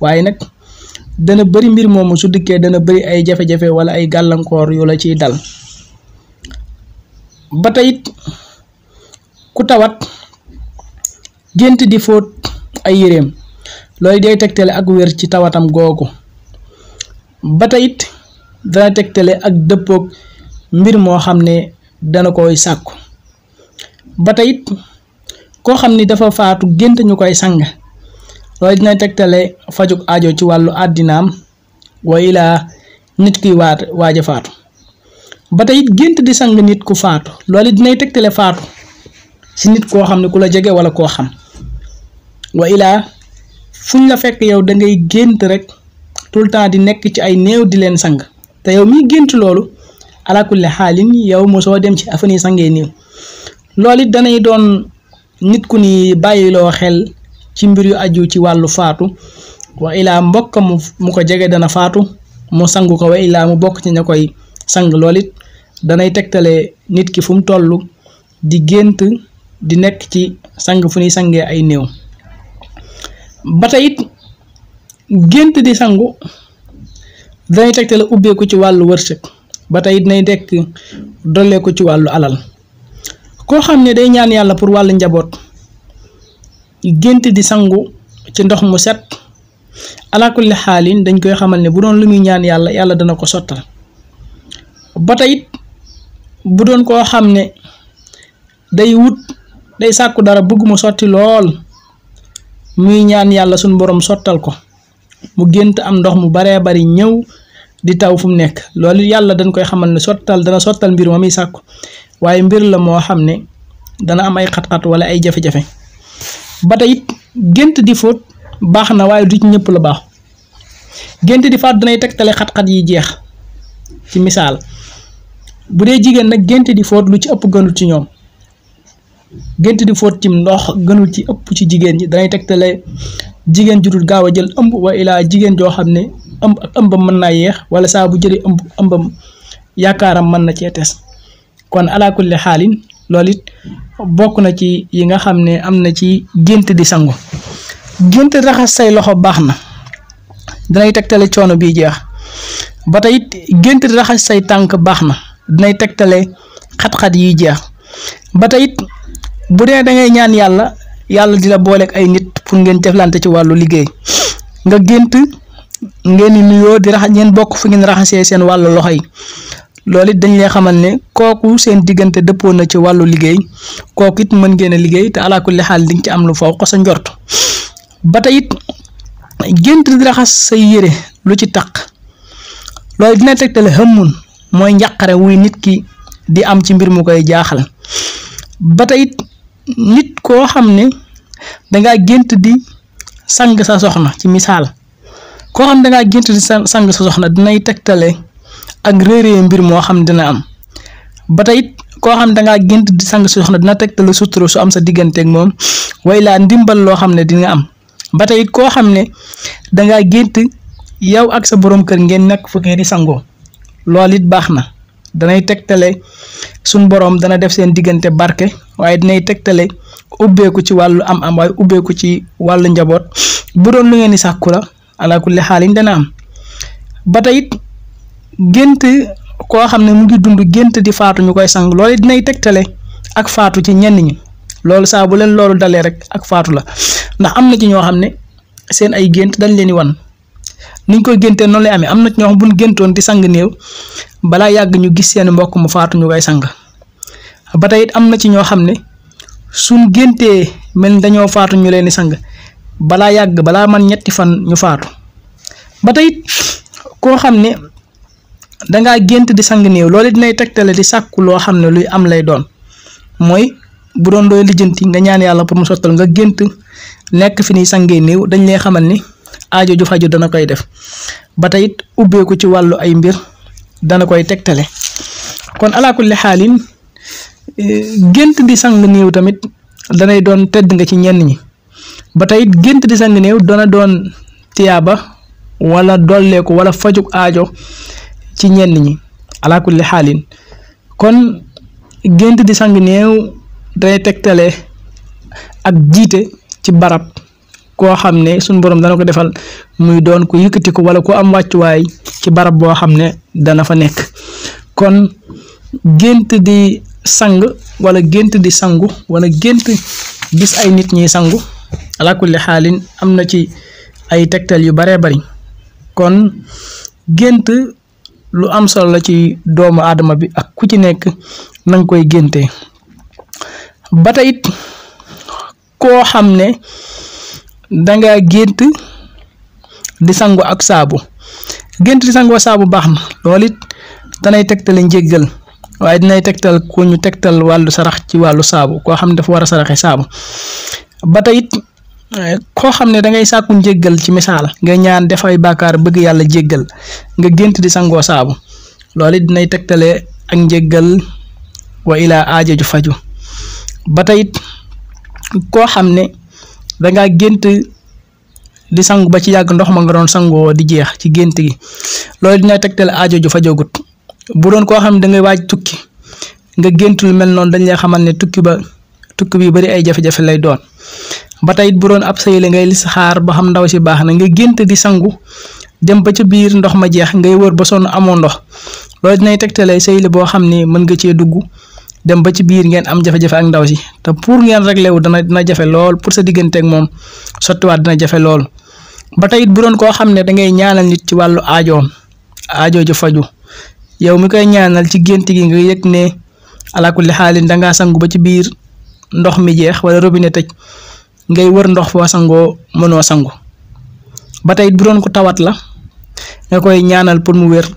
waaye nag dana bari mbir moomu su dikkee dana bari ay jafe-jafe wala ay gàllankoor yu la ciy dal ba tey ku tawat gént di fóot ay yéreem loolu day tegtale ak wér ci tawatam googu ba tey it dana tegtale ak dëppook mbir moo xam ne dana koy sàkku ba tey koo xam ni dafa faatu gént ñu koy sang loolu dina tegtale fajuk aajo ci wàllu àddinaam wa ila nit ki waat wajafar, faatu ba tey it di sang nit ku faatu loolu dinay tegtale faatu si nit koo xam kula ku wala koo xam wa ila fuñ la fekk yow da ngay gént rek tout temps di nekk ci ay néew di len sang te yow mi loolu ala kulli xaalin yow mosoo dem ci afani sangee néew loolu dana danay doon nit ku ni lo xel ci mbir yu aju ci wàllu faatu wa ilaa mbokk mu mu ko jege dana faatu mu sangu ko wa ilaa mu bokk ci ña koy sang lool it danay tegtale nit ki fu mu toll di gént di nekk ci sang fu ñuy sange ay néew ba gént di sangu danay tegtale ubbeeku ci wàllu wërsëg ba tey dinay dekk dolleeku ci wàllu alal koo xam ne day ñaan yàlla pour wàllu njaboot gént di sangu ci ndox mu set alaakulli xaalin dañ koy xamal ne bu doon lu muy ñaan yàlla yàlla dana ko sottal ba tey bu doon koo xam ne day wut day sàkku dara bëgguma sotti lool muy ñaan yàlla suñ borom sottal ko mu gént am ndox mu baree bari ñëw di taw fu mu nekk loolu yàlla dañ koy xamal ne sottal dana sottal mbir ma muy sàkku waaye mbir la moo xam ne dana am ay xat-xat wala ay jafe-jafe ba tey it gént di fóot baax na waaye du ci ñëpp la baax gént di faat danay tegtale xat-xat yi jeex ci misaal bu dee jigéen nag gént di fóot lu ci ëpp gënul ci ñoom gént di fóot cim ndox gënul ci ëpp ci jigéen ñi danay tegtale jigéen ju dul gaaw a jël ëmb wa ilaa jigéen joo xam ne ëmb ak ëmbam mën naa yéex wala saa bu jëlee ëmb ëmbam yaakaaram mën na cee tes kon alaakulli xaalin loolu it bokk na ci yi nga xam ne am na ci gént di sangu gént raxas say loxo baax na danay tegtale coono bii jeex ba tey gént di raxas say tànk baax na dinay tegtale xat-xat yiy jeex ba tey bu dee da ngay ñaan yàlla yàlla di la booleeg ay nit pour ngeen jëflante ci wàllu liggéey nga gént ngeen nuyoo di raxas ngeen bokk fu ngeen raxasee seen wàllu loxo yi loolu it dañ lay xamal ne kooku seen diggante dëppoo na ci wàllu liggéey kooku it mën ngeen a liggéey te alaa kulli xaal di nga ci am lu faw ko sa njort ba tey it gént di raxas say yére lu ci taq loolu dina tegtale xëmmun mooy njàqare wuy nit ki di am ci mbir mu koy jaaxal ba tey it nit koo xam ne dangaa gént di sang sa soxna ci misaal koo xam ne dangaa gént di sang sa soxna dinay tegtale ak réeree mbir moo xam dina am ba ko koo xam da ngaa gént di sang su soxna dina tegtal sutura su am sa digganteeg moom way laa ndimbal loo xam ne dina am ba ko koo xam ne da ngaa gént yow ak sa borom kër ngeen nekk fu di sangoo loolu it baax na danay tegtale sun borom dana def seen diggante barke waaye dinay tegtale ubbeeku ci wàllu am-am waaye ubbeeku ci wàllu njaboot bu doon lu ngeen di sàkku la ala kulli halin dana am ba gént koo xam ne mu ngi dund gént di faatu ñu koy sang loolu dinay tegtale ak faatu ci ñenn ñi loolu saa bu leen loolu dalee rek ak faatu la ndax am na ci ñoo xam ne seen ay gént dañ leen di wan niñ koy géntee noonu lay amee am na ñoo xam buñ di sang néew balaa yàgg ñu gis seen mbokk mu faatu ñu sang ba tey am na ci ñoo xam ne suñ géntee mel dañoo faatu ñu leen di sang balaa yàgg balaa man ñetti fan ñu faatu ba koo xam ne dangaa gént di sang néew loolu dinay tegtale di sàkku loo xam ne luy am lay doon mooy bu doon dooy lijjanti nga ñaan yàlla pour mu sottal nga gént nekk fi ni sangee néew dañ lay xamal ni aajo ju faju dana koy def ba tey it ubbeeku ci wàllu ay mbir dana koy tegtale kon ala kulli xaalin eh, gént di sang tamit danay doon tedd nga ci ñenn ñi ba tey it gént di sang néew dana doon tiyaaba wala dolleeku wala fajuk aajo ci ñenn ñi ala kulli xaalin kon gént di sang néew day tegtale ak jiite ci barab koo xam ne sunu boroom dana ko defal muy doon ku yëkkati ko wala ku am wàccuwaay ci barab boo xam ne dana fa nekk kon gént di sang wala gént di sangu wala gént gis ay nit ñiy sangu ala kulli xaalin am na ci ay tegtal yu baree bari kon gént lu am solo la ci doomu aadama bi ak ku ci nekk na koy génte ba tey koo xam ne danga gént di sangu ak saabu gént di sangu saabu baax na loolu it danay tegtale njéggal waaye danay tegtal ku ñu tegtal wàllu sarax ci wàllu saabu koo xam ne dafa war a saraxe saabu ba Eh, koo xam ne dangay ngay sàkku njéggal ci misaal nga ñaan defay bàkkaar bëgg yàlla jéggal nga gént di sangoo saabu loolu dinay tegtale ak njéggal wa ju faju ba tey koo xam ne dangaa gént di sangu ba ci yàgg ndox ma nga doon sangoo di jeex ci gént gi loolu dinay tegtale aajo ju fajogut bu doon koo xam ne dangay waaj tukki nga gént yu mel noonu dañ lay xamal ne tukki ba tukki bi bari ay jafe-jafe lay doon ba tey bu doon ab sëy ngay ngay listixaar ba xam ndaw si baax na nga gént di sangu dem ba ca biir ndox ma jeex ngay wër ba sonn amoo ndox loolu dinay tegtalee sëy boo xam ne mën nga cee dugg dem ba ci biir ngeen am jafe-jafe ak te pour ngeen réglé wu dana dina jafe lool pour sa diggante ak moom sottiwaat dina jafe lool ba tey it bu doon koo xam ne dangay ñaanal nit ci wàllu aajoom aajo ju faju yow mi koy ñaanal ci gént gi nga yëg ne alaakulli xaalin dangaa sangu ba ci biir ndox mi jeex wala robine tëj ngay wër ndox foo sangoo mënoo sangu ba tey bu doon ko tawat la nga koy ñaanal pour mu wér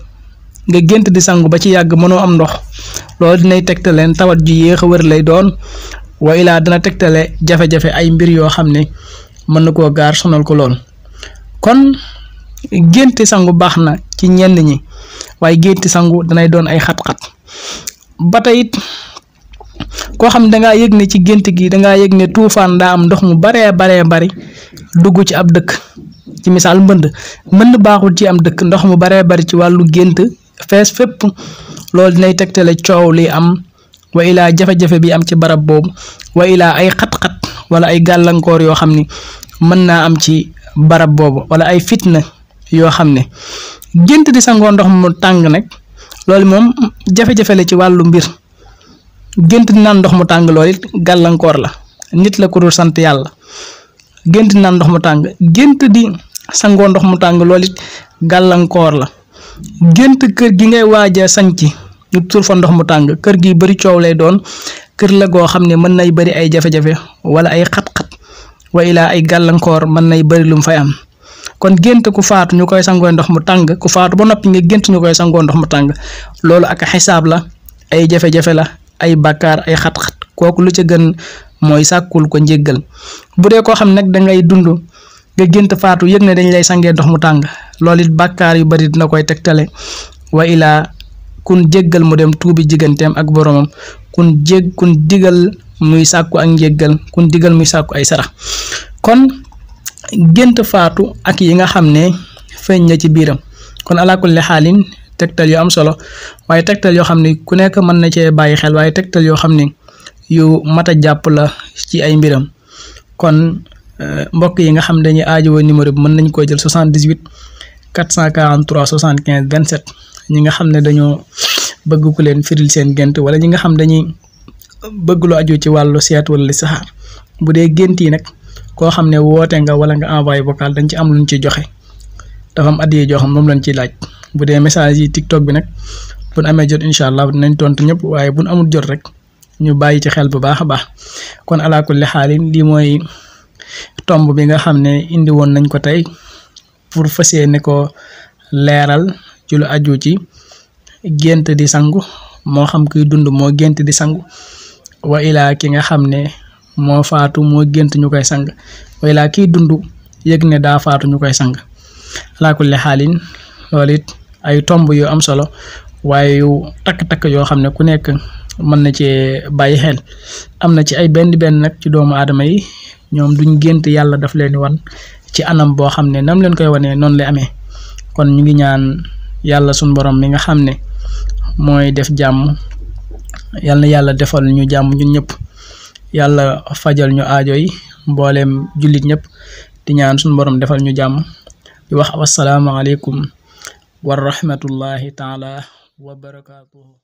nga gént di sangu ba ci yàgg mënoo am ndox loolu dinay tegtaleen tawat ju yéex a wër lay doon wa ilaa dana tegtale jafe-jafe ay mbir yoo xam ne mën na koo gaar sonal ko lool kon génti sangu baax na ci ñenn ñi waaye génti sangu danay doon ay xat-xat ba koo xam ne danga yëg ne ci gént gi dangaa yëg ne tuufaan daa am ndox mu baree baree bari dugg ci ab dëkk ci misaal mbënd mbënd baaxul ci am dëkk ndox mu baree bari ci wàllu gént fees fépp loolu dinay tegtale coow li am wa ilaa jafe-jafe bi am ci barab boobu wa ilaa ay xat-xat wala ay gàllankoor yoo xam ni mën naa am ci barab boobu wala ay fitna yoo xam ne gént di sangoo ndox mu tàng nag loolu moom jafe-jafe la ci wàllu mbir gént di naan ndox mu tàng lool it gàllankoor la nit la ko sant yàlla gént di naan ndox mu tàng gént di ndox mu tàng lool gàllankoor la gént kër gi ngay waaja sanc ñu tur fa ndox mu tàng kër gi bëri coow lay doon kër la goo xam ne mën nay bëri ay jafe wala ay xat-xat ay gàllankoor mën nay bëri lu mu fay kon gént ku faatu ñu koy sangoo ndox mu tàng ku faatu ba noppi nga gént ñu koy sangoo ndox mu tàng loolu ak xisaab la ay jafe-jafe la ay bakkaar ay xat-xat kooku lu ca gën mooy sàkkul ko njégal bu dee koo xam nag dangay dund nga gént faatu yëg ne dañ lay sangee ndox mu tàng loolu it bàkkaar yu bari dina koy tegtale wa ilaa kun jéggal mu dem tuubi jigganteem ak boromam kun jég kun digal muy sàkku ak njégal kun digal muy sàkku ay sarax kon gént faatu ak yi nga xam ne feeñ na ci biiram kon alaakulli xaalin tegtal yu am solo waaye tegtal yoo xam ni ku nekk mën na cee bàyyi xel waaye tegtal yoo xam ni yu mat a jàpp la ci ay mbiram kon euh, mbokk yi nga xam dañuy aajowoo numéro bi mën nañ koo jël 78 443 75 27 ñi nga xam ne dañoo bëgg ku leen firil seen gént wala ñi nga xam dañuy bëgg lu aju ci wàllu seet wala li saxaar bu dee gént yi nag koo xam ne woote nga wala nga envoyé vocal dañ ci am luñ ci joxe dafa am addiye joo xam moom lañ ciy laaj bu dee message yi TikTok bi nag buñ amee jot incha allah dinañ tontu ñëpp waaye buñ amul jot rek ñu bàyyi ci xel bu baax a baax kon ala kulli xaalin mooy tomb bi nga xam ne indi woon nañ ko tey pour fas yéene ko leeral ci lu aju ci gént di sangu moo xam kuy dund moo gént di sangu wa ilaa ki nga xam ne moo faatu moo gént ñu koy sang wa ilaa dund yëg ne daa ñu koy sang xaalin loolu it ay tomb yoo am solo waaye yu takk-takk yoo xam ne ku nekk mën na cee bàyyi xel am na ci ay benn benn nag ci doomu aadama yi ñoom duñ gént yàlla daf leen wan ci anam boo xam ne nam leen koy wanee noonu lay amee kon ñu ngi ñaan yàlla suñ borom mi nga xam ne mooy def jàmm yal yàlla defal ñu jàmm ñun ñëpp yàlla fajal ñu aajo yi mbooleem jullit ñëpp di ñaan suñ borom defal ñu jàmm di wax wasalaamaaleykum ورحمة الله تعالى وبركاته